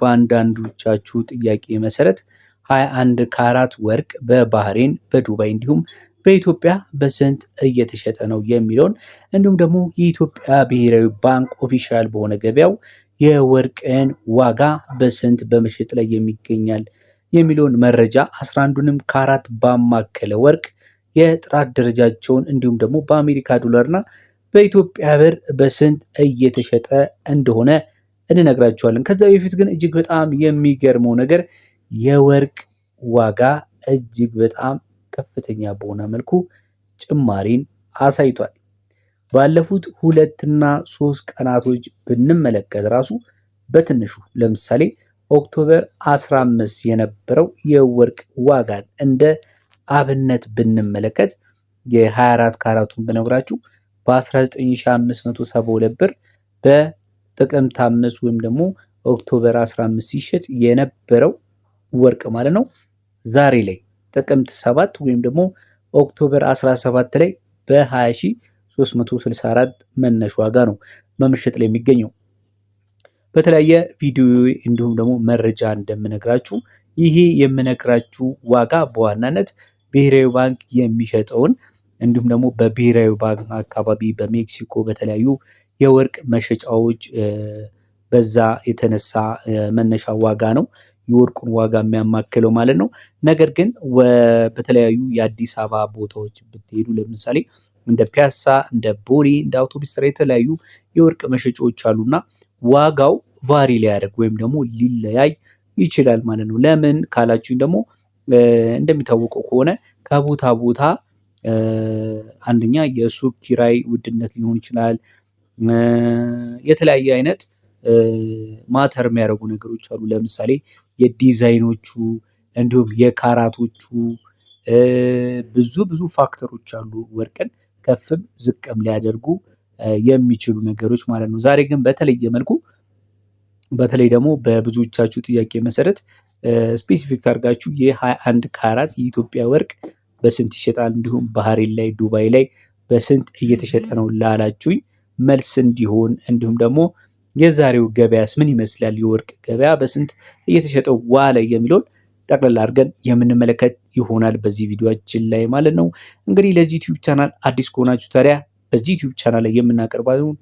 በአንዳንዶቻችሁ ጥያቄ መሰረት 21 ካራት ወርቅ በባህሬን በዱባይ እንዲሁም በኢትዮጵያ በስንት እየተሸጠ ነው የሚለውን እንዲሁም ደግሞ የኢትዮጵያ ብሔራዊ ባንክ ኦፊሻል በሆነ ገበያው የወርቅን ዋጋ በስንት በመሸጥ ላይ የሚገኛል የሚለውን መረጃ 11ዱንም ካራት ባማከለ ወርቅ የጥራት ደረጃቸውን እንዲሁም ደግሞ በአሜሪካ ዶላርና በኢትዮጵያ ብር በስንት እየተሸጠ እንደሆነ እንነግራችኋለን። ከዛ በፊት ግን እጅግ በጣም የሚገርመው ነገር የወርቅ ዋጋ እጅግ በጣም ከፍተኛ በሆነ መልኩ ጭማሪን አሳይቷል። ባለፉት ሁለትና ሶስት ቀናቶች ብንመለከት ራሱ በትንሹ ለምሳሌ ኦክቶበር 15 የነበረው የወርቅ ዋጋን እንደ አብነት ብንመለከት የ24 ካራቱን ብነግራችሁ በ19572 ብር በ ጥቅምት አምስት ወይም ደግሞ ኦክቶበር 15 ሲሸጥ የነበረው ወርቅ ማለት ነው ዛሬ ላይ ጥቅምት 7 ወይም ደግሞ ኦክቶበር 17 ላይ በ20364 መነሽ ዋጋ ነው መምሸጥ ላይ የሚገኘው። በተለያየ ቪዲዮ እንዲሁም ደግሞ መረጃ እንደምነግራችሁ ይሄ የምነግራችሁ ዋጋ በዋናነት ብሔራዊ ባንክ የሚሸጠውን እንዲሁም ደግሞ በብሔራዊ ባንክ አካባቢ በሜክሲኮ በተለያዩ የወርቅ መሸጫዎች በዛ የተነሳ መነሻ ዋጋ ነው የወርቁን ዋጋ የሚያማክለው ማለት ነው። ነገር ግን በተለያዩ የአዲስ አበባ ቦታዎች ብትሄዱ ለምሳሌ እንደ ፒያሳ፣ እንደ ቦሌ፣ እንደ አውቶቡስ ስራ የተለያዩ የወርቅ መሸጫዎች አሉና ዋጋው ቫሪ ሊያደርግ ወይም ደግሞ ሊለያይ ይችላል ማለት ነው። ለምን ካላችሁኝ ደግሞ እንደሚታወቀው ከሆነ ከቦታ ቦታ አንደኛ የሱቅ ኪራይ ውድነት ሊሆን ይችላል። የተለያየ አይነት ማተር የሚያደርጉ ነገሮች አሉ። ለምሳሌ የዲዛይኖቹ እንዲሁም የካራቶቹ ብዙ ብዙ ፋክተሮች አሉ ወርቅን ከፍም ዝቅም ሊያደርጉ የሚችሉ ነገሮች ማለት ነው። ዛሬ ግን በተለየ መልኩ በተለይ ደግሞ በብዙዎቻችሁ ጥያቄ መሰረት ስፔሲፊክ አድርጋችሁ የ21 ካራት የኢትዮጵያ ወርቅ በስንት ይሸጣል እንዲሁም ባህሬን ላይ ዱባይ ላይ በስንት እየተሸጠ ነው ላላችሁኝ መልስ እንዲሆን እንዲሁም ደግሞ የዛሬው ገበያስ ምን ይመስላል፣ የወርቅ ገበያ በስንት እየተሸጠ ዋለ የሚለውን ጠቅላላ አድርገን የምንመለከት ይሆናል በዚህ ቪዲዮችን ላይ ማለት ነው። እንግዲህ ለዚህ ዩቲዩብ ቻናል አዲስ ከሆናችሁ ታዲያ በዚህ ዩቲዩብ ቻናል ላይ የምናቀርባውን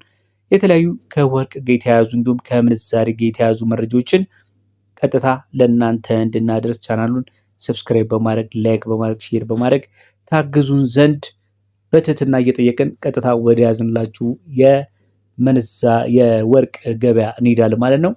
የተለያዩ ከወርቅ ጋር የተያያዙ እንዲሁም ከምንዛሬ ጋር የተያያዙ መረጃዎችን ቀጥታ ለእናንተ እንድናደርስ ቻናሉን ሰብስክራይብ በማድረግ ላይክ በማድረግ ሼር በማድረግ ታግዙን ዘንድ በትህትና እየጠየቅን ቀጥታ ወደ ያዝንላችሁ የመንዛ የወርቅ ገበያ እንሄዳለን ማለት ነው።